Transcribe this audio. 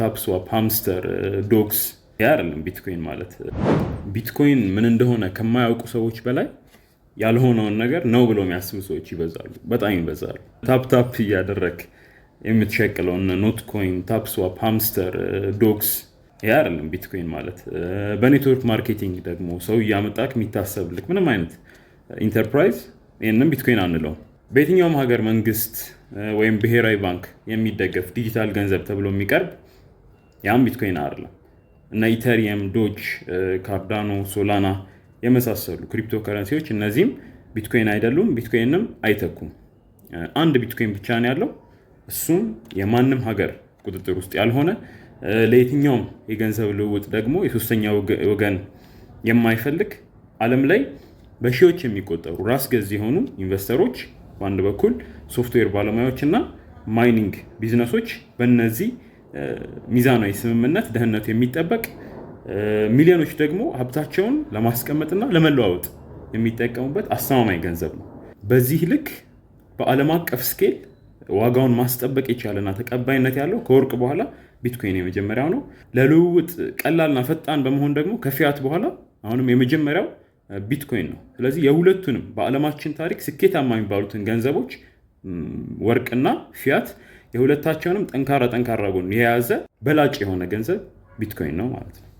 ታፕስዋፕ፣ ሃምስተር፣ ዶክስ ያ አይደለም ቢትኮይን ማለት። ቢትኮይን ምን እንደሆነ ከማያውቁ ሰዎች በላይ ያልሆነውን ነገር ነው ብለው የሚያስቡ ሰዎች ይበዛሉ፣ በጣም ይበዛሉ። ታፕታፕ እያደረግ የምትሸቅለውን ኖትኮይን፣ ታፕስዋፕ፣ ሃምስተር፣ ዶክስ ያ አይደለም ቢትኮይን ማለት። በኔትወርክ ማርኬቲንግ ደግሞ ሰው እያመጣክ የሚታሰብልክ ምንም አይነት ኢንተርፕራይዝ ይህንም ቢትኮይን አንለውም። በየትኛውም ሀገር መንግስት ወይም ብሔራዊ ባንክ የሚደገፍ ዲጂታል ገንዘብ ተብሎ የሚቀርብ ያም ቢትኮይን አይደለም እና ኢተሪየም፣ ዶጅ፣ ካርዳኖ፣ ሶላና የመሳሰሉ ክሪፕቶ ከረንሲዎች እነዚህም ቢትኮይን አይደሉም። ቢትኮይንም አይተኩም። አንድ ቢትኮይን ብቻ ነው ያለው። እሱም የማንም ሀገር ቁጥጥር ውስጥ ያልሆነ ለየትኛውም የገንዘብ ልውውጥ ደግሞ የሶስተኛ ወገን የማይፈልግ ዓለም ላይ በሺዎች የሚቆጠሩ ራስ ገዝ የሆኑ ኢንቨስተሮች በአንድ በኩል ሶፍትዌር ባለሙያዎች እና ማይኒንግ ቢዝነሶች በእነዚህ ሚዛናዊ ስምምነት ደህንነቱ የሚጠበቅ ሚሊዮኖች ደግሞ ሀብታቸውን ለማስቀመጥና ለመለዋወጥ የሚጠቀሙበት አስተማማኝ ገንዘብ ነው። በዚህ ልክ በዓለም አቀፍ ስኬል ዋጋውን ማስጠበቅ የቻለና ተቀባይነት ያለው ከወርቅ በኋላ ቢትኮይን የመጀመሪያው ነው። ለልውውጥ ቀላልና ፈጣን በመሆን ደግሞ ከፊያት በኋላ አሁንም የመጀመሪያው ቢትኮይን ነው። ስለዚህ የሁለቱንም በዓለማችን ታሪክ ስኬታማ የሚባሉትን ገንዘቦች ወርቅና ፊያት የሁለታቸውንም ጠንካራ ጠንካራ ጎን የያዘ በላጭ የሆነ ገንዘብ ቢትኮይን ነው ማለት ነው።